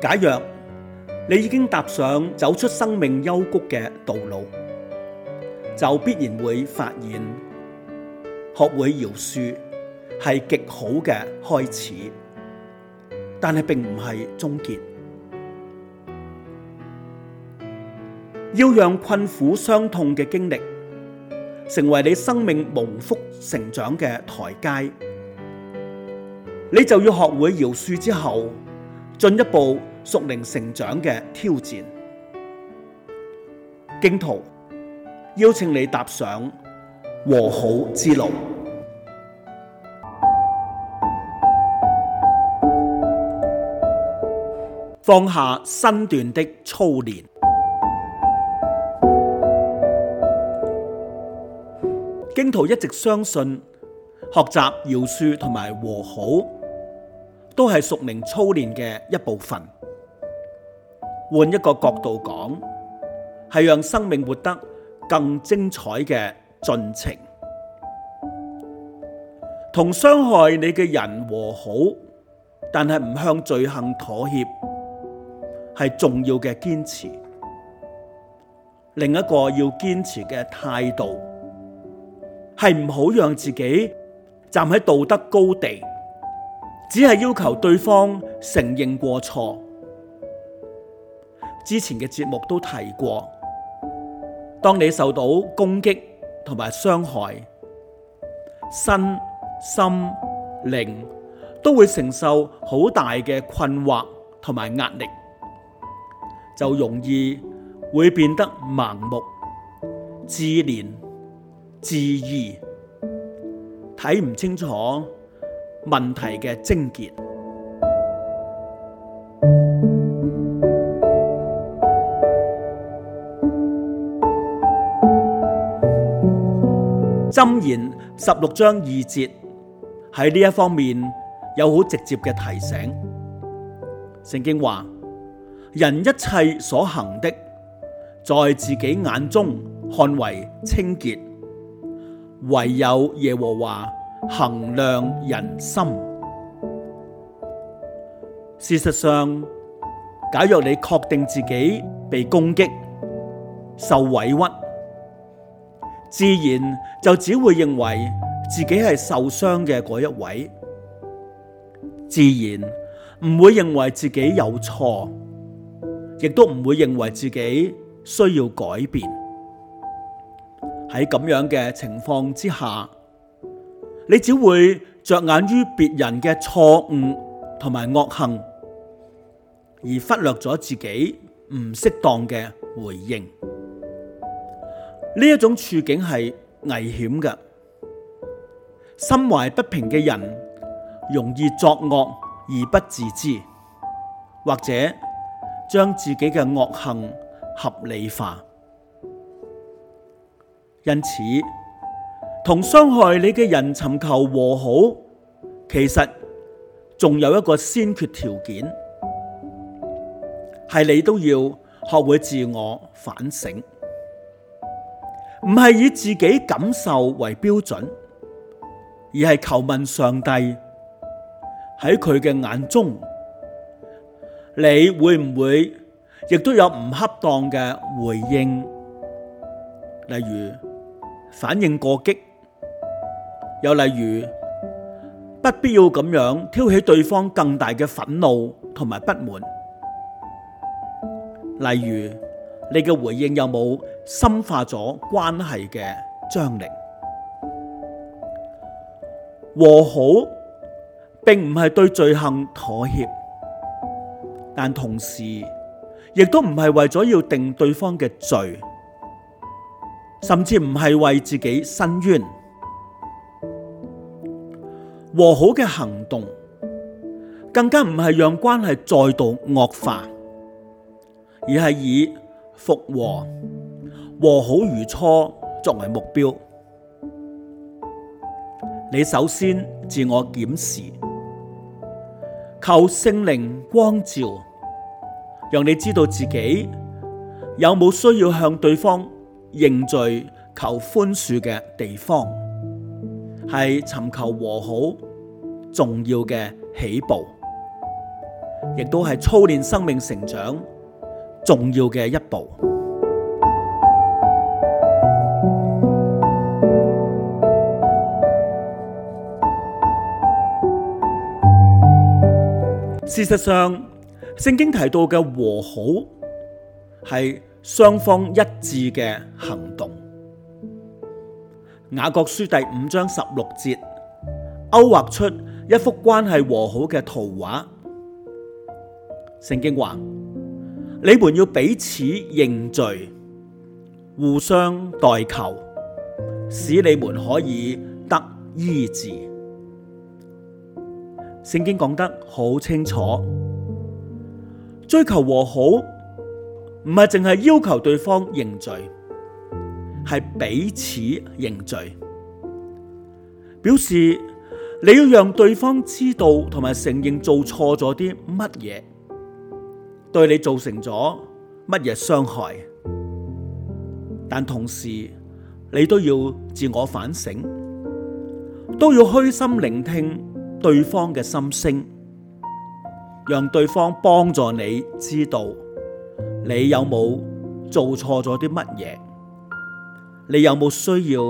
假若你已經踏上走出生命幽谷嘅道路，就必然會發現學會饒恕係極好嘅開始，但係並唔係終結。要讓困苦傷痛嘅經歷成為你生命蒙福成長嘅台階，你就要學會饒恕之後進一步。屬靈成長嘅挑戰，荊徒邀請你踏上和好之路，放下身段的操練。荊徒一直相信，學習饒恕同埋和好，都係屬靈操練嘅一部分。換一個角度講，係讓生命活得更精彩嘅進程。同傷害你嘅人和好，但係唔向罪行妥協，係重要嘅堅持。另一個要堅持嘅態度，係唔好讓自己站喺道德高地，只係要求對方承認過錯。之前嘅節目都提過，當你受到攻擊同埋傷害，身、心、靈都會承受好大嘅困惑同埋壓力，就容易會變得盲目、自憐、自義，睇唔清楚問題嘅癥結。箴言十六章二節喺呢一方面有好直接嘅提醒。聖經話：人一切所行的，在自己眼中看為清潔，唯有耶和華衡量人心。事實上，假若你確定自己被攻擊、受委屈。自然就只會認為自己係受傷嘅嗰一位，自然唔會認為自己有錯，亦都唔會認為自己需要改變。喺咁樣嘅情況之下，你只會着眼於別人嘅錯誤同埋惡行，而忽略咗自己唔適當嘅回應。呢一種處境係危險的，心懷不平嘅人容易作惡而不自知，或者將自己嘅惡行合理化。因此，同傷害你嘅人尋求和好，其實仲有一個先決條件，係你都要學會自我反省。唔係以自己感受為標準，而係求問上帝。喺佢嘅眼中，你會唔會亦都有唔恰當嘅回應？例如反應過激，又例如不必要咁樣挑起對方更大嘅憤怒同埋不滿。例如你嘅回應有冇？深化咗關係嘅張力。和好並唔係對罪行妥協，但同時亦都唔係為咗要定對方嘅罪，甚至唔係為自己申冤。和好嘅行動更加唔係讓關係再度惡化，而係以復和。和好如初作為目標，你首先自我檢視，求聖靈光照，讓你知道自己有冇需要向對方認罪求寬恕嘅地方，係尋求和好重要嘅起步，亦都係操練生命成長重要嘅一步。事實上，聖經提到嘅和好係雙方一致嘅行動。雅各書第五章十六節勾畫出一幅關係和好嘅圖畫。聖經話：你們要彼此認罪，互相代求，使你們可以得醫治。聖經講得好清楚，追求和好唔係淨係要求對方認罪，係彼此認罪，表示你要讓對方知道同埋承認做錯咗啲乜嘢，對你造成咗乜嘢傷害，但同時你都要自我反省，都要虛心聆聽。對方嘅心聲，讓對方幫助你知道你有冇做錯咗啲乜嘢，你有冇需要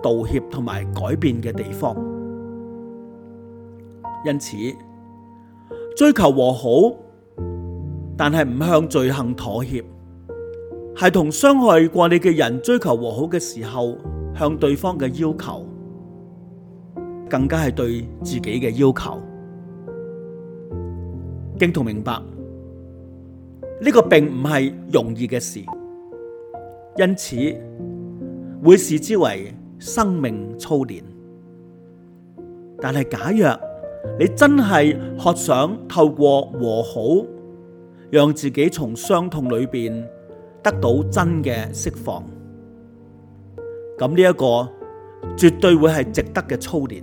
道歉同埋改變嘅地方。因此，追求和好，但係唔向罪行妥協，係同傷害過你嘅人追求和好嘅時候，向對方嘅要求。更加係對自己嘅要求。荊徒明白呢個並唔係容易嘅事，因此會視之為生命操練。但係假若你真係渴想透過和好，讓自己從傷痛裏邊得到真嘅釋放，咁呢一個絕對會係值得嘅操練。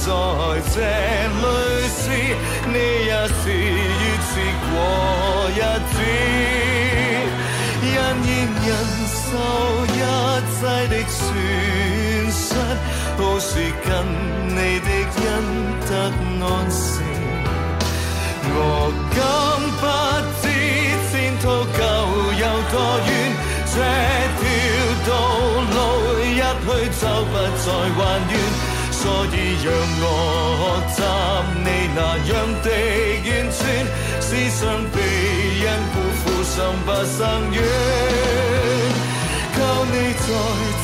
在這裏是你也是如此過日子，人現人受一切的損失，都是跟你的恩德安息。我今不知前途究有多遠，這條道路一去就不再還原。可以讓我學習，你那樣地完全，思想被人辜負，上百生遠。靠你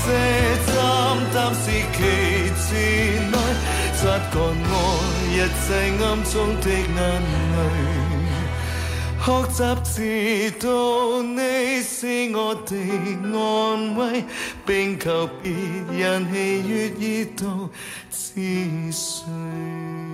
在這暫暫時期之內，擦乾我一切暗中的眼淚。學習知道你是我的安慰，並求別人喜悅，知道自誰。